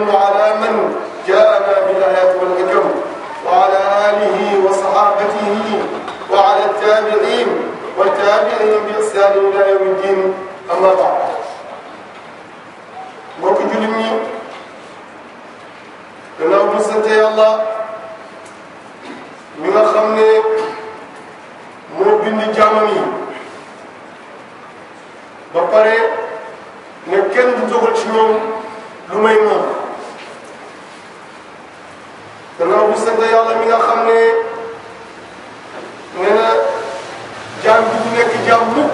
وسلم على من جاءنا بالآيات والأكرم وعلى آله وصحابته وعلى التابعين والتابعين بإحسان إلى يوم الدين أما بعد mbokk jullit ñi gannaaw bu sante yàlla mi nga xam ne moo bind jaamam yi ba pare ne kenn du dogal ci ñoom lu may moom yàlla mi nga xam ne nee na jaam bi du nekk jaam mukk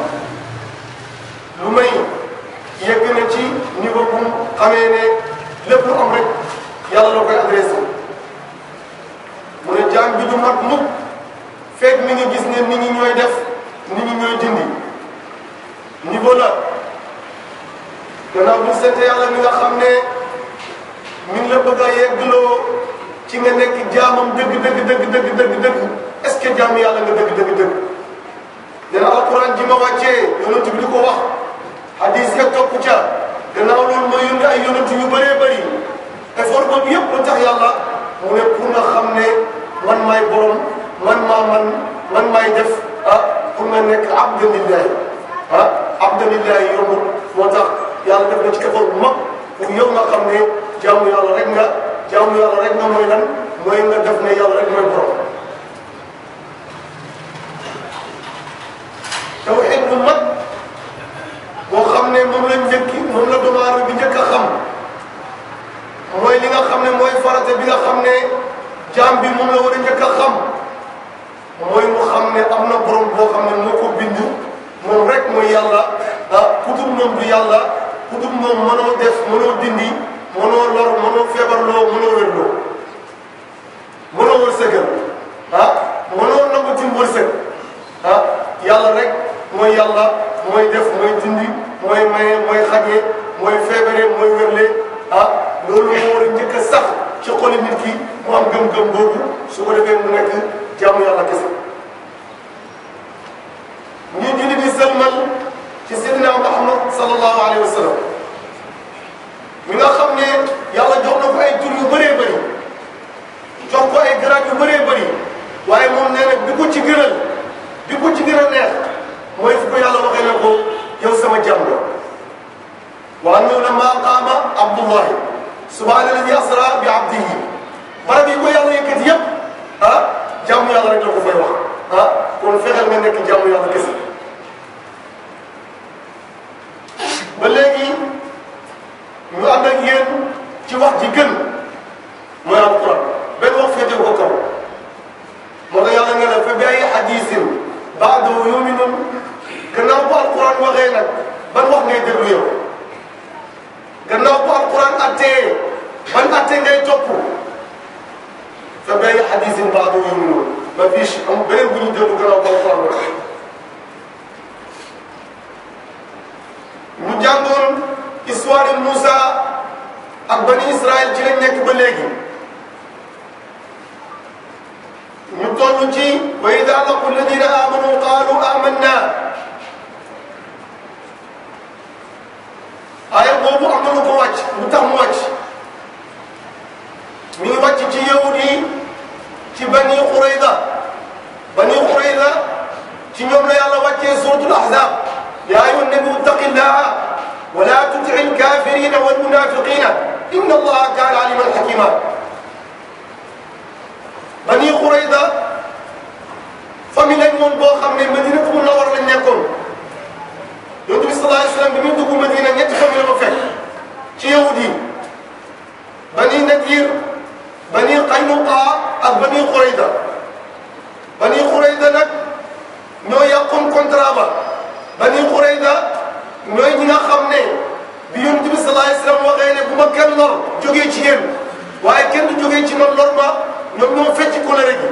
lu may yegg na ci niveau bu xamee ne lépp lu am rek yàlla la koy adressé mu ne jaam bi mat mukk fekk mi ngi gis ne nit ñi ñooy def nit ñi ñooy dindi niveau la gannaaw bu ne mi ngi la bëgg ci nga nekk jaamam dëgg dëgg dëgg dëgg dëgg dëgg est-ce que jaam yàlla nga dëgg dëgg dëgg dana alquran ji ma wàccee yonent bi di ko wax hadis ya topp ca gannaaw loolu ma yónni ay yonent yu bëree bëri effort boobu yëpp lu tax yàlla mu ne pour nga xam ne man maay borom man maa man man maay def ah pour nga nekk abdanillahi ah abdanillahi yombul moo tax yàlla def na ci effort bu mag pour yow nga xam ne jaamu yàlla rek nga jaamu yàlla rek nga mooy lan mooy nga def ne yàlla rek mooy borom. tawxiid bu mag boo xam ne moom lañ njëkki moom la doomu aadama bi njëkk a xam mooy li nga xam ne mooy farata bi nga xam ne jaam bi moom la war a njëkk a xam mooy mu xam ne am na borom boo xam ne moo ko bind moom rek mooy yàlla ah ku dul moom du yàlla ku dul moom mënoo def mënoo dindi. mënoo lor mënoo feebarloo mënoo wérloo mënoo wërsëgal ah mënoo nangu ci wërsëg ah yàlla rek mooy yàlla mooy def mooy dindi mooy maye mooy xañee mooy feebare mooy wérle ah, loolu moo war a sax ci xoli ki mu am gëm-gëm boobu su ko defee mu nekk jaamu yàlla kese ñu julli di sëlmal ci sidina Muhammad sallallahu alayhi wa sallam mi nga xam ne yàlla jox na ko ay tur yu bëree bëri jox ko ay garaat yu bëree bëri waaye moom nee na bi ko ci gënal bi ko ci gën a neex mooy fu ko yàlla waxee ne ko yow sama jàmm wa annahu lamma qaama abdullahi subhaana alladi asra bi abdihi barab ko yàlla yëkkati yëpp ha? jàmm yàlla rek la ko fay wax ah kon fexeel nga nekk jàmm yàlla kese çıkın. قريظة بني قريظة تنيوم لي الله وجه سورة الأحزاب يا أيها النبي اتق الله ولا تطع الكافرين والمنافقين إن الله كان عليما حكيما بني قريظة فمن المن بوخم من مدينة منور لن يكون يوتو صلى الله عليه وسلم بمن تكون مدينة يتفهم الوفاة يهودي بني نذير bani Qaynuqa ak bani Xurayda bani Xurayda nag ñoo yàqoon contrat ba bani Xurayda ñooy ñi nga xam ne bi Yonent bi sallallaahu alayhi wa sallam waxee ne bu ma kenn lor jógee ci yéen waaye kenn du jógee ci man lor ma ñoom ñoo fecc colère gi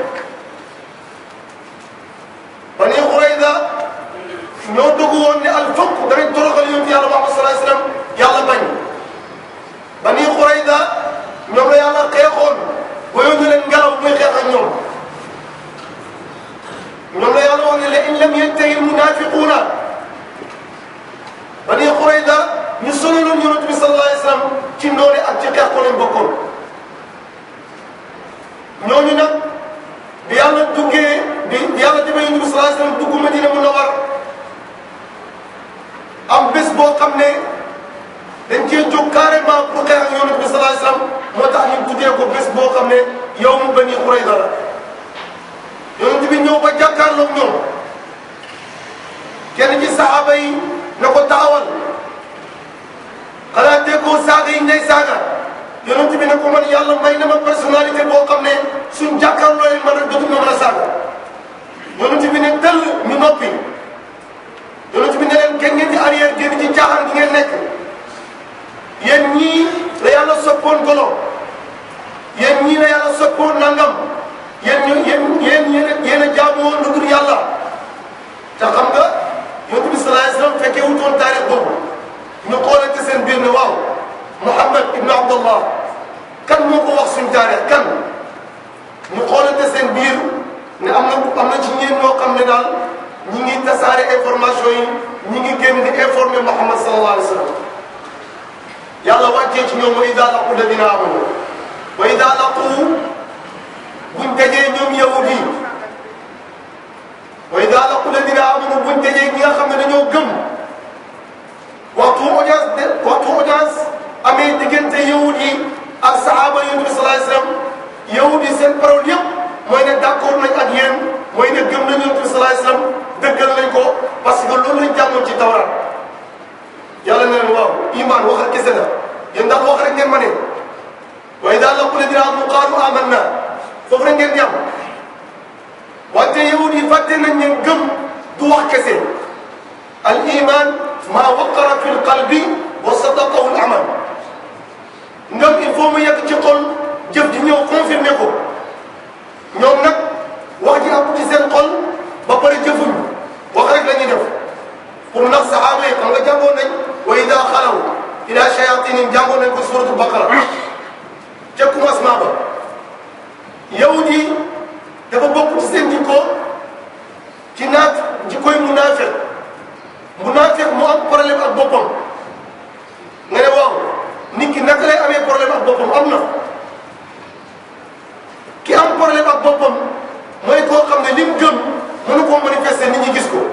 bani Xurayda ñoo dugg woon ne al fokk danañ toroxal Yonent Yàlla Muhammad sallallaahu alayhi wa sallam yàlla bañ bani Xurayda ñoom la yàlla xeexoon wayoon na leen ngelaw muy xeex ak ñoom ñoom la yàlla wax ne la in lam yantahi munaafiquuna bani Qurayda ñu sonaloon yonent bi sallallahu alayhi wa sallam ci ndoole ak ci xeex bokkoon ñooñu nag bi yàlla duggee bi bi yàlla demee yonent bi sallallahu alayhi wa am bés boo xam ne. dañ cee jóg carrément pour xeex ak yonent bi sallallahu moo tax ñu tuddee ko bés boo xam ne yow mu Bani Qurayza la yonent bi ñëw ba jàkkaarloog ñoom kenn ci na ko taxawal xanaa déggoo saaga yi ngay saaga yonent bi ne ko man yàlla may na ma personnalité boo xam ne suñ jàkkaarloo yi a dootu ma a saaga yonent bi ne tëll ñu noppi yonent bi ne leen kenn ngeen di arrière génn ci caaxaan gi nekk yéen ñii la yàlla soppoon golo yéen ñii la yàlla soppoon nangam yéen ñu yéen yéen yéen a jaamu woon lu dul yàlla te xam nga yonent bi sallallahu alayhi wa sallam fekkee wutoon taarix boobu ñu xoolante seen biir ne waaw Muhammad ibn Abdallah kan moo ko wax suñ taarix kan ñu xoolante seen biir ne am na ci ñeen ñoo xam ne daal ñi ngi tasaare information yi ñi ngi génn di informer Muhammad sallallahu alayhi wa yàlla wàccee ci ñoom wa ida laqu ladina amanu wa ida laqu buñ dajee ñoom wa ida laqu ladina amanu buñ ne dañoo gëm waxtu audience de waxtu audience amee diggante yahud yi ak sahaaba yonent bi salaay salaam yahud yi yëpp mooy ne d'accord nañ ak yéen mooy ne gëm nañ yonent bi salaay dëggal nañ ko parce que loolu lañ jàngoon ci tawraat yàlla na leen waaw iman waxal kese la yéen ndax wax rek ngeen ma ne waaye daal la ku ne dinaa mu qaalu amanna foofu rek ngeen yam wante yahud yi fàtte nañ ne gëm du wax kese al iman maa waqara fi lqalbi wa sadaqahu l amal ngëm i faut mu yegg ci xol jëf di ñëw confirmé ko ñoom nag wax ji am ci seen xol ba pare jëfuñ wax rek la ñuy def pour ndax saxaaba yi xam nga jàngoon nañ wa ida xalaw ila shayaatinim jàngoon nañ ko suratul baqara ca commencement ba yahud yi dafa bokk ci seen jikko ci naat jikkoy munaafiq munaafiq mu am problème ak boppam nga ne waaw nit ki naka lay amee problème ak boppam am na ki am problème ak boppam mooy koo xam ne li mu gëm mënu koo manifester nit ñi gis ko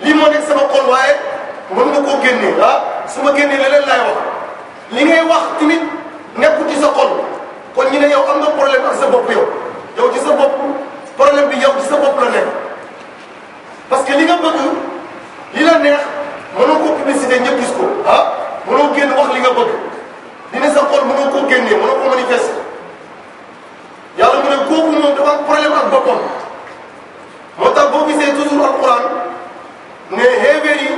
lii moo nekk sama xol waaye mën nga koo génnee ah su ma génnee leneen laay wax li ngay wax tamit nekkul ci sa xol kon ñu ne yow am nga problème ak sa bopp yow yow ci sa bopp problème bi yow ci sa bopp la nekk parce que li nga bëgg li la neex mënoo ko publicité ñëpp gis ko ah mënoo génn wax li nga bëgg li ne sa xol mënoo koo génnee mënoo ko manifester yàlla mu ne kooku moom dafa am ak boppam moo tax boo gisee toujours alquran ne xeebeer yi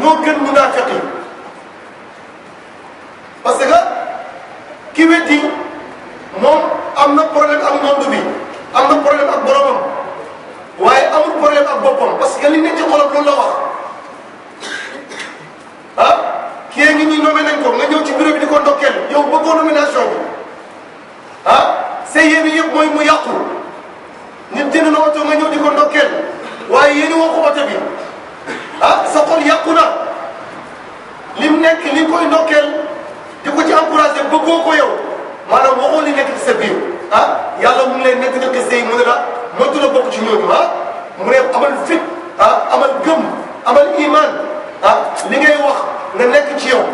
ñoo gën munaafiq yi parce que ki wetti moom am na problèm ak monde bi am na problème ak boromam waaye amul problème ak boppam parce que li nekk ci xolam la wax ah kii ngi ñuy nommé nañ ko nga ñëw ci bureau bi di ko ndokkeel yow bëggoo nomination bi ah sa yéene yëpp mooy mu yàqu nit jënd na oto nga ñëw di ko ndokkeel waaye yéene woo ko oto bi ah sa xol yàqu na lim nekk li koy ndokkeel. di ko ci encouragé bëggoo ko yow maanaam waxoo li nekk ci sa biir ah yàlla mu leen lay nekk nga sëy mu ne la moytu la ci ñooñu ah mu ne amal fit a ah, amal gëm amal iman a ah. ni ngay wax nga nekk ci yow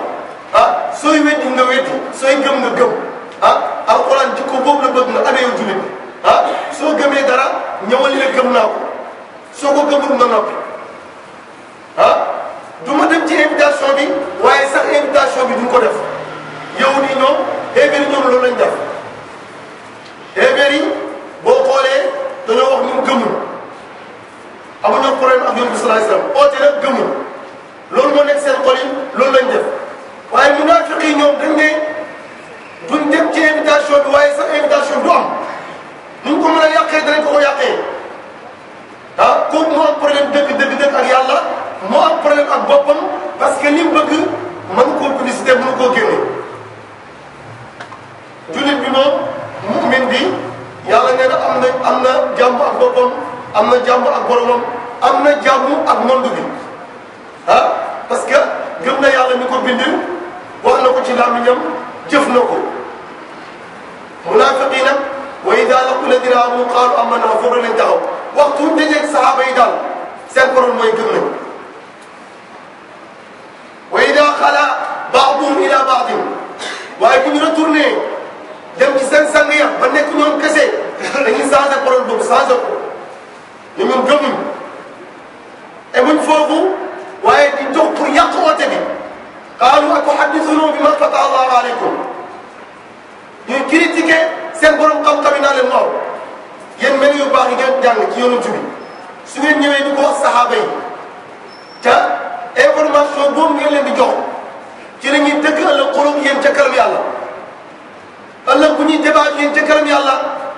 ah sooy weddi nga weddi sooy gëm nga gëm ah alxuraan ci ko boobu la bëgg nga amee yow jullit ah soo gëmee dara ñëwal li la gëm naa ko soo ko gëmul nga noppi ah du ma dem ci invitation bi waaye sax invitation bi duñ ko def yow ni ñoom xeebéer yi ñoom loolu lañ def xeebéer yi boo xoolee dañoo wax ñun gëmul amuñu problème ak yoon bi salaay salaam oote nag gëmul loolu moo nekk seen xol yi loolu lañ def waaye munaafiq ñoom dañ ne takfuruna bi ma fataha Allahu alaykum ñuy critiquer seen borom xam-xam yi naa leen noor yéen mel yu baax ngeen jàng ci yonent bi su ngeen ñëwee ñu ko wax saxaaba yi te information boobu ngeen leen di jox ci la ñuy dëkk ëllëg xolum yéen ca kanam yàlla ëllëg bu ñuy débat yéen ca kanam yàlla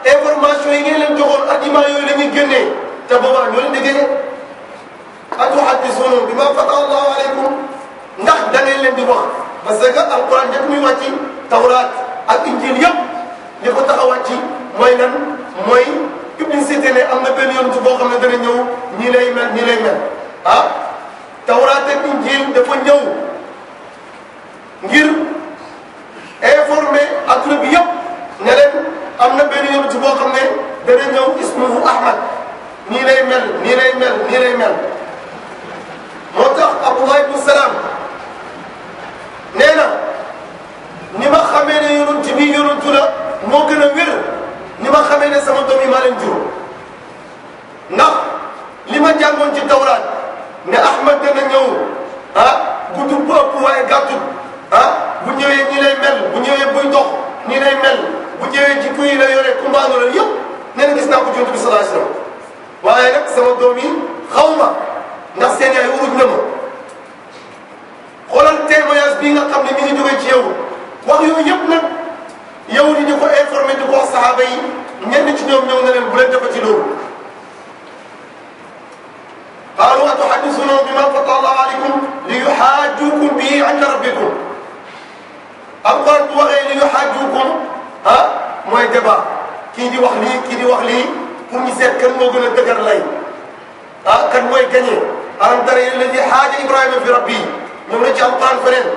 information yi ngeen leen joxoon argument yooyu la ñuy génnee te boobaa ñoo leen di génne atuhaddisuuna bimaa fataha Allahu alaykum ndax da ngeen leen wax. parce que alquran njëkk muy wàcc tawraat ak injil yëpp li ko tax a wàcc mooy lan mooy ibn Sina ne am na benn yonent boo ah, bi yëpp benn yonent boo xam ne dana ñëw ismuhu mel nii mel moo tax Abdullah ibn Salaam nee na ni ma xamee ne yonent bi yonentu la moo gën a wér ni ma xamee ne sama doom yi maa leen jur ndax li ma jàngoon ci tawraat ne Ahmad dana ñëw ah guddul bu ëpp waaye gàttul ah bu ñëwee ñi lay mel bu ñëwee buy dox ñi lay mel bu ñëwee jikko yi la yore kumbaandu la yëpp nee na gis naa ko ci yonent bi sallallahu waaye nag sama doom yi xaw ma ndax seen yaay na ma xoolal témoignage bii nga xam ne mi ngi jógee ci yow wax yooyu yëpp nag yow di ñu ko informé di ko wax saxaaba yi ñenn ci ñoom ñëw na leen bu leen defati loolu qaalu atuhaddisuna bima fataha allahu alaykum li yuhaajukum bihi inda rabbikum alquran bu waxee li yuhaajukum ah mooy débat kii di wax lii kii di wax lii pour ñu seet kan moo gën a dëgër lay ah kan mooy gagné alam tara ila alladi haaja ibrahima fi rabbi moom la ci alquran feneen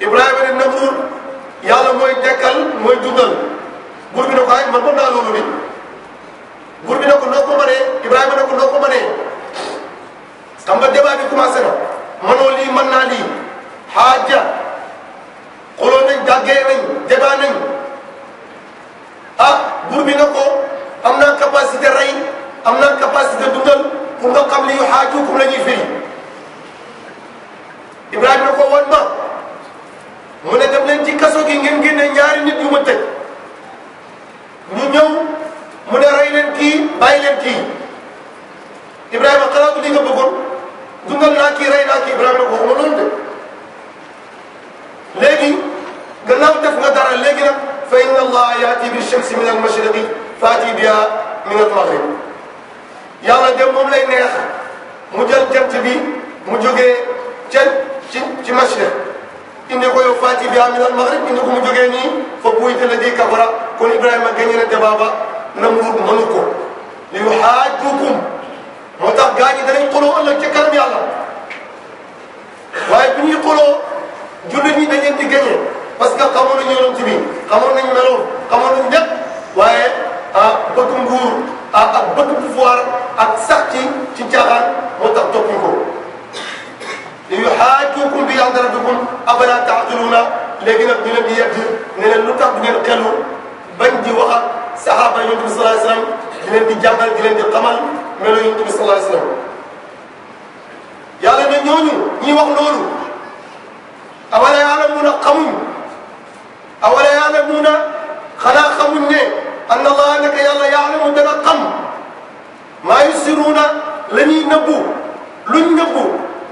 Ibrahima ne Namruud yàlla mooy dekkal mooy dundal buur bi ne ko ay man naa loolu bi buur bi ne ko noo ko mënee Ibrahima ne noo ko mënee xam nga débat bi commencé na mënoo lii mën naa lii xaaja xuloo nañ dàggee nañ débat nañ ah, bi ne ko am naa capacité rey am naa capacité dundal pour nga xam li yu xaaju pour firi na ko wan ma mu ne dem leen ci kaso gi ngeen génne ñaari nit yu ma tëj ñu ñëw mu ne rey leen kii bàyyi leen kii Ibrahima xalaat li nga bëggoon dungal naa kii rey naa kii Ibrahima ko waxuma loolu de léegi gannaaw def nga dara léegi nag fa inna allaha yaati bi shamsi min al mashriqi faati biha min al maghrib yàlla mu jël jant bi mu jógee ca ci ci machine indi ko yow fàcci bi aminal maghrib indi ko mu jógee nii fa buyti la di kabara kon Ibrahima gagné na débat ba Namrud mënu ko li yuhaajjukum moo tax gaa ñi danañ xuloo ëllëg ci kanam yàlla waaye bu ñuy xuloo jullit ñi dañ leen di gagné parce que xamoon nañu yonent bi xamoon nañ meloon xamoon nañ ñëpp waaye ah bëgg nguur ah ak bëgg pouvoir ak sax ci ci caaxaan moo tax toppuñ ko. li yuhaajukum bi inda rabbikum afalaa ta'qiluuna léegi nag ñu leen di yedd ne leen lu tax du ngeen xelu bañ di wax ak saxaaba yonent bi sallallahu alayhi wasallam di leen di jàngal di leen di xamal melo yonent bi sallallahu alayhi wasallam yàlla ne ñooñu ñuy wax loolu awala yaalamuuna xamuñ awala yaalamuuna xanaa xamuñ ne anna allah naka yàlla yaalamu dana xam maa yusiruuna la ñuy nëbbu luñ nëbbu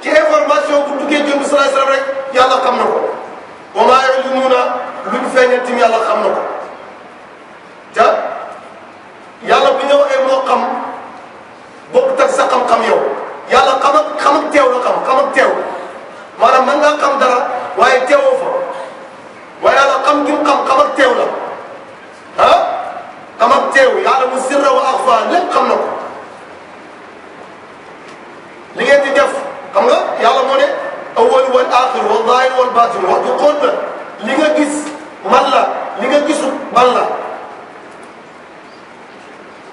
Ki enformasyon tuttuk ediyor Mısır'a sıra bırak. Yalla kamına koy. Ona yolumuna lütfen yetim yalla kamına koy. Ja? yàlla bu ñëwee moo xam bokkut ak sa xam-xam yow yàlla xam ak xam ak teew la xam xam ak teew dara waaye teewoo fa waaye yàlla xam gi mu xam xam la ah xam ak teew yàlla mu sirra wa axfa lépp xam na ko li def xam nga yàlla moo ne awwal wal aaxir wal zaahir wal baatin wax ju xóot la li nga gis man la li nga gisul man la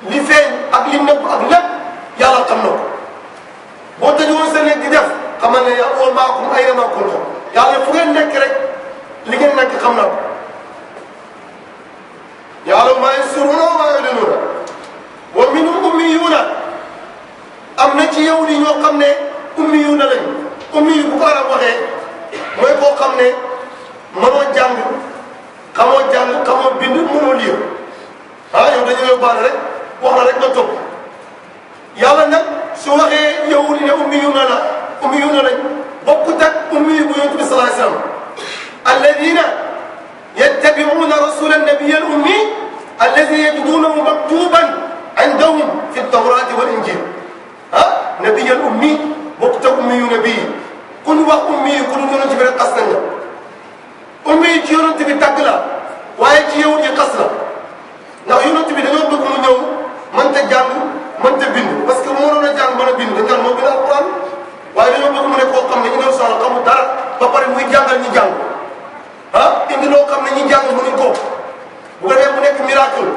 li feeñ ak li nëbb ak lépp yàlla xam na ko boo tëjoon sa néeg di def xamal ne yàlla wal maakum ay ma kum, yàlla fu ngeen nekk rek li ngeen nekk xam na ko yàlla maa yasiruna wa maa yulinuna wa minhum ummiyuna am na ci yow li ñoo xam ne ummi yu na lañ ummi yu bu ko arab waxee mooy koo xam ne mënoo jàng xamoo jàng xamoo bind mënoo lire ah yow dañu lay baal rek wax la rek nga topp yàlla nag su waxee yow li ne ummi yu na la ummi yu na lañ bokkut ak ummi yu bu yonent bi sallallahu alayhi wasallam alladina yattabi'una rasula nabiyya al ummi alladi yajidunahu maktuban indahum fi tawrati wal injil ah nabiyya al ummi mbokk te ummi yu ne bii ku ñu wax ummi yi ku ñu yonent bi rek xas nañ la ummi yi bi tàgg la waaye ci yow yi xas la ndax yonent bi dañoo bëgg mu ñëw mënta jàng mënta bind parce que moo na a jàng mën a bind moo bind alquran waaye dañoo bëgg mu ne koo xam ne ñu doon soxla xamul dara ba pare muy na ñu jàng ah indi loo xam ne ñu jàng mënuñ ko bu ko defee mu nekk miracle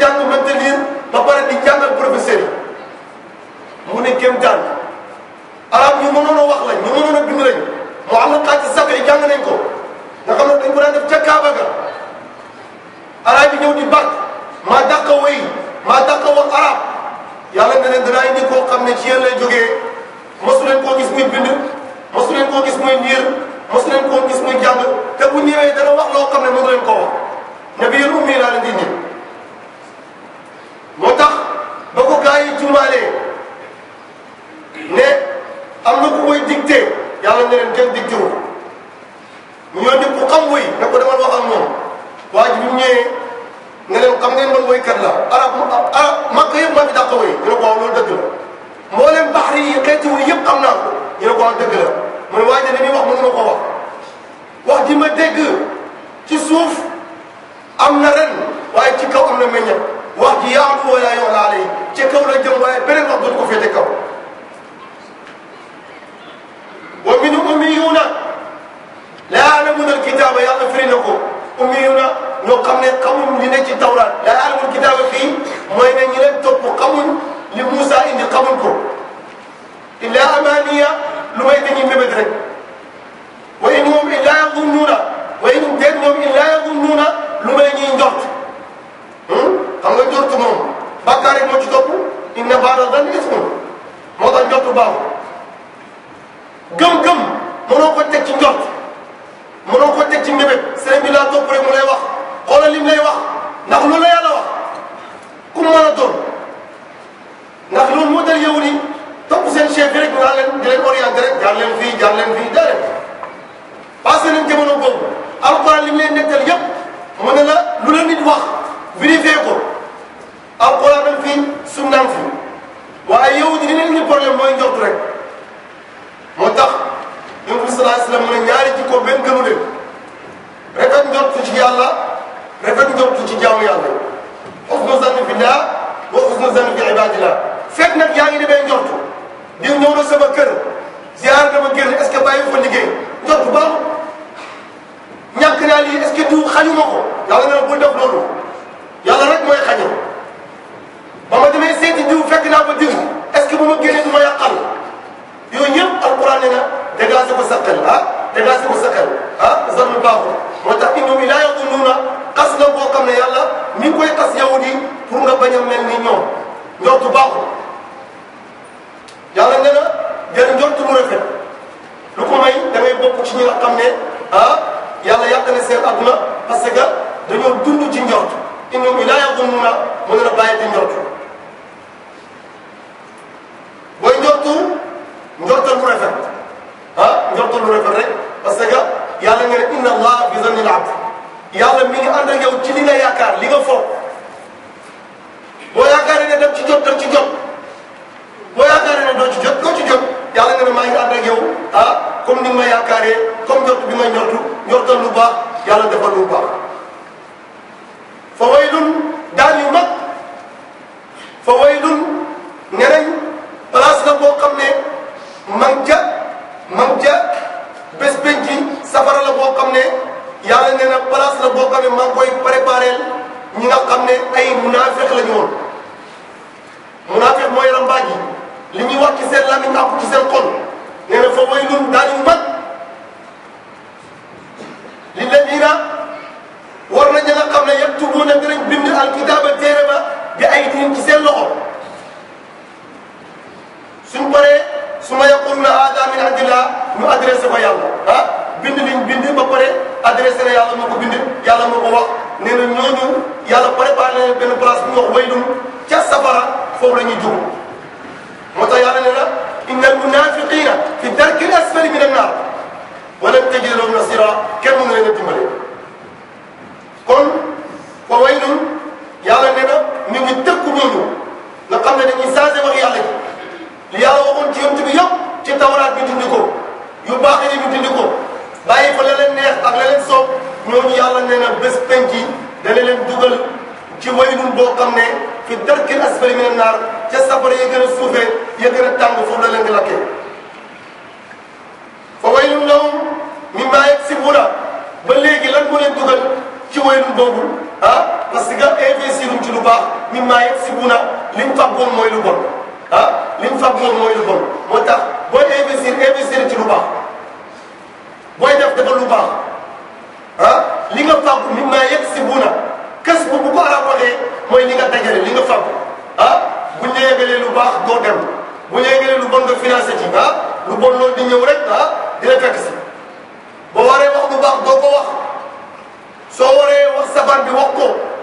jàng maintenir ba pare di jàngal professeur yi mu ne kéem taan arab ñu mënoon a wax lañ ñu mënoon a bind lañ mu am na xaaj sax yi nañ ko nga xam ne dañ ko daan def ca Kaaba ga arab yi ñëw di bàq maa dàq way maa dàq wax arab yàlla nga ne danaa indi koo ne ci yéen lay ma mosu leen koo gis muy bind mosu leen koo gis muy niir mosu leen koo gis muy jàng te bu ñëwee dana wax loo xam ne mënu leen koo wax nabiyul ummi laa leen di indi moo tax ba ko gars yi tuumaalee ne am na ku koy dicté yàlla ne leen kenn dicté wu ñu ñëw ñëpp ku xam woy ne ko demal wax ak moom waa ji nga mu kam ne leen xam ngeen man woykat la arab arab màkk yëpp maa fi dàq woy ñu ko waaw loolu dëgg la mboolem baxri yi xeetu wu yëpp am na ko ñu ne ko waaw dëgg la mu ne waa ji dañuy wax mënu ma ko wax wax ji ma dégg ci suuf am na ren waaye ci kaw am na meññet wax ji yaatu wala yow laa lay ca kaw la jëm waaye beneen wax dootu ko féete kaw wa min ummiyuuna laa ya'lamuuna alkitaaba yàlla firi na ko ummiyuuna ñoo xam ne xamuñ li ne ci tawraat laa ya'lamuuna alkitaaba fii mooy ne ñi leen topp xamuñ li Moussa indi xamuñ ko illaa amaaniya lu may dañuy mébét rek wa in hum illaa yadunnuuna wa in hum déet ñoom illaa yadunnuuna lu may ñuy njort Hmm? xam nga njortu moom bàkkaar rek moo ci topp inna ba'da zanni ismun moo tax njortu baaxul was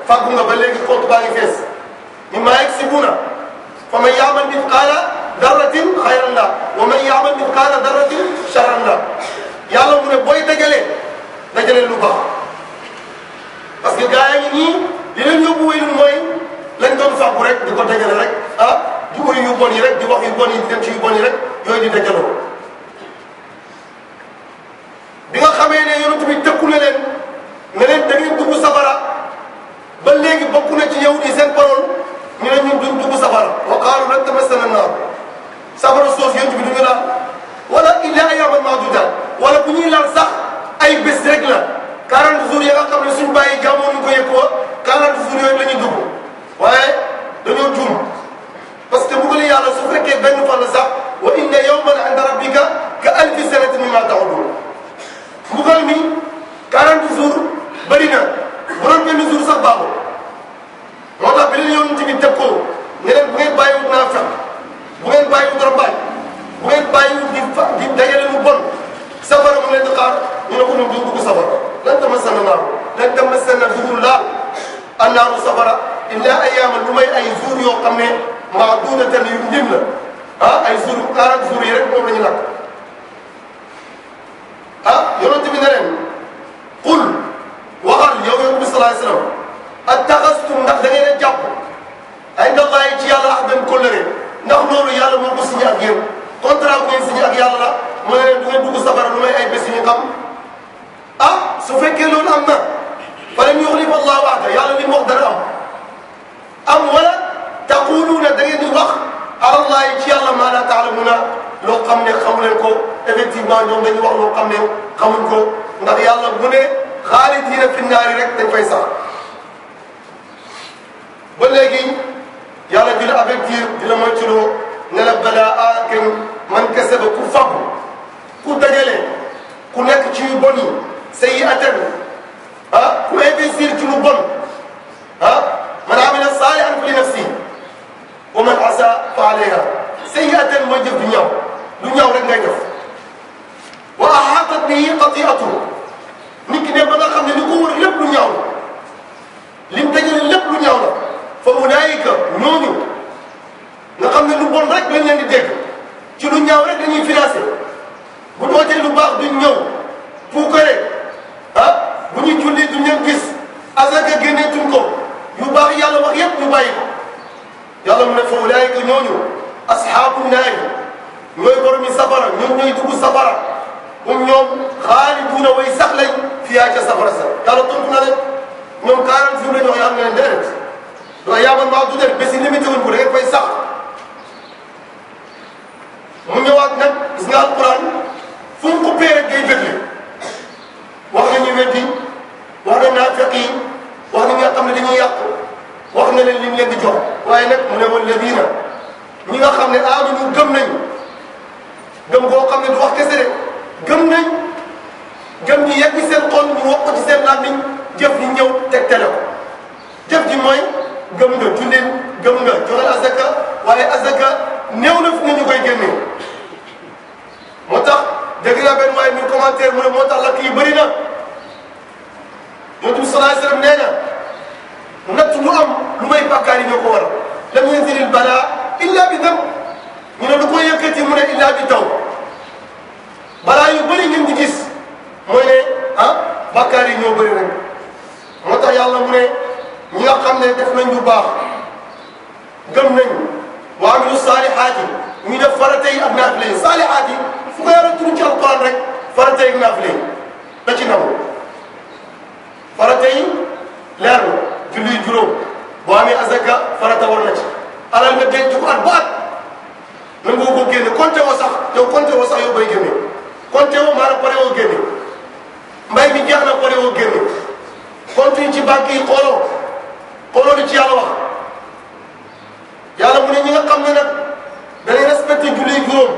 fàggu nga ba léegi compte baa ngi fees mimmaa yaksibuuna fa man ya'mal mithqaala darratin xayran la wa man ya'mal mithqaala darratin sharran la yàlla mu booy dajalee dajalee lu parce que gars yi ñii li leen yóbbu wéyul mooy lañ doon fàggu rek di ko dajale rek ah di uyu yu bon yi rek di wax yu bon yi di dem ci yu bon yi rek yooyu di dajaloo bi nga xamee ne yonent bi tëkku na leen ne leen da ngeen ba léegi bokk na ci yow di seen parole ñu ne ñun duñ dugg safara wa qaalu lan tamassana naar safara soos yéen bi duñu laal wala illaa ayyaaman ma'duudaat wala bu ñuy laal sax ay bés rek la 40 jours ya nga xam ne suñu bàyyi gàmmoo ñu ko yëkkoo 40 jours yooyu la ñuy dugg waaye dañoo juum parce que bu ko yàlla su fekkee benn fan la sax wa inna yawman 'inda ka alfi sanati na loo xam ne xamu leen ko effectivement ñoom dañuy wax loo xam ne xamuñ ko ndax yàlla bu ne xaalidiina fi naari rek dañ fay sax ba léegi yàlla di la avertir di la moytuloo ne la balaa man kese ku fàggu ku dajale ku nekk ci yu bon yi say ah, ku investir ci lu bon ah man amila saalihan fa li nafsi wa asa fa sayyi'atan mooy jëf du ñaaw du ñaaw rek ngay def wa ahaatat bihi xati'atuhu nit ki ne ba nga xam ne li ko wër lépp lu ñaaw la lim lépp lu ñaaw la fa ulaayika ñooñu nga xam ne lu bon rek lañ leen di dégg ci lu ñaaw rek dañuy financé bu dootee lu baax duñ ñëw puukare ah bu ñu julli duñ leen gis asaka génneetuñ ko yu baax yàlla wax yépp ñu bàyyi ko yàlla mu ne fa ulaayika ñooñu. ashaabu naari ñooy boromi safara ñoom ñooy dugg safara um ñoom xaaliduuna way sax lañ fiyaa ca safara sa yàlla tontu na leen ñoom 40 jours la ñu wax yoo xam ne déedéet maa du dee bés yi limité wuñ ko da ngeen sax mu ñëwaat nag gis nga alquran fu mu ko rek day déglu wax nañu weddi wax nañ naafiq wax nañ nga xam ne dañuy wax na leen li mu leen di nag mu ne woon ñi nga xam ne aaminu gëm nañ gëm boo xam ne du wax kese de gëm nañ gëm ñi yegg seen xol ñu wax ko ci seen làmmiñ jëf ñi ñëw tegtale ko jëf ji mooy gëm nga julleen gëm nga joxe azaka waaye azaka néew na fu ñu koy génnee moo tax dégg naa benn waaye muy commentaire mu ne moo tax lakk yi bëri na yonent bi sallallahu alayhi nee na natt lu am lu may bàkkaar yi ko war lam yanzilil balaa illaa bi dam ñu ne du ko yëkkati mu ne illaa bi taw balaa yu bëri ngeen di gis mooy ne ah bàkkaar yi ñoo bëri rek moo tax yàlla mu ne ñi nga xam ne def nañ lu baax gëm nañ wa amilu saalihaati ñu def farata yi ak naafile yi saalihaat yi fu ko yàlla turu ci alquran rek farata yi ak da ci naw farata war na ci alal nga denc ko at ba at nangoo ko génne compté sax yow compté woo sax yow bay génne compté woo maanaam pare woo génne mbay mi jeex na pare woo génne yi ci banque yi xooloo xooloo li ci yàlla wax yàlla mu ne ñi nga xam ne nag dañuy respecté julli juróom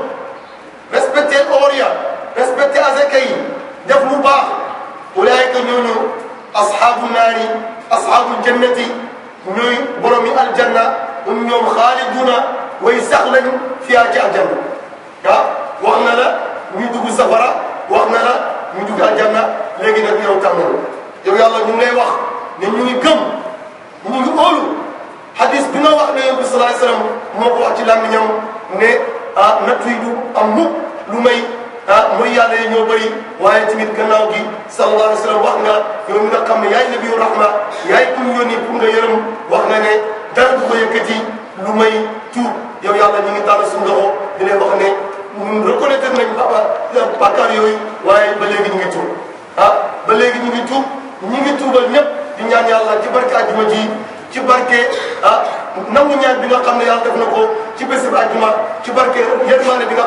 respecté oor ya respecté azaka yi def lu baax ulaayka ñooñu asxaabu naari asxaabu jannati ñooy boromi aljanna hum ñoom xaaliduna way sax lañu fiyaa ci aljanna waaw wax na la ñu dugg safara wax na la ñu dugg aljanna léegi nag yow tax na yow yàlla ñu ngi lay wax ne ñu ngi gëm bi nga wax ne yonent bi sallallahu alayhi wasallam moo ko wax ci làmmiñam ne ah nattu yi du am mukk lu may ah, ñoo bëri waaye tamit gannaaw gi sallallahu alayhi wasallam wax nga yow mi nga xam ne yaay nabiyu rahma yaay ku ñu yónni pour nga yërëm wax nga ne dara du ko yëkkati lu may tuub yow yàlla ñu ngi tàll suñu loxo di leen wax de ñun reconnaître nañ baba bàkkaar yooyu waaye ba léegi ñu ngi tuub ah ba léegi ñu ngi tuub ñu ngi tuubal ñëpp di ñaan yàlla ci barke àjjuma ji ci barke ah nangu ñaan bi nga xam ne yàlla def na ko ci bés bu àjjuma ci barke yërmande bi nga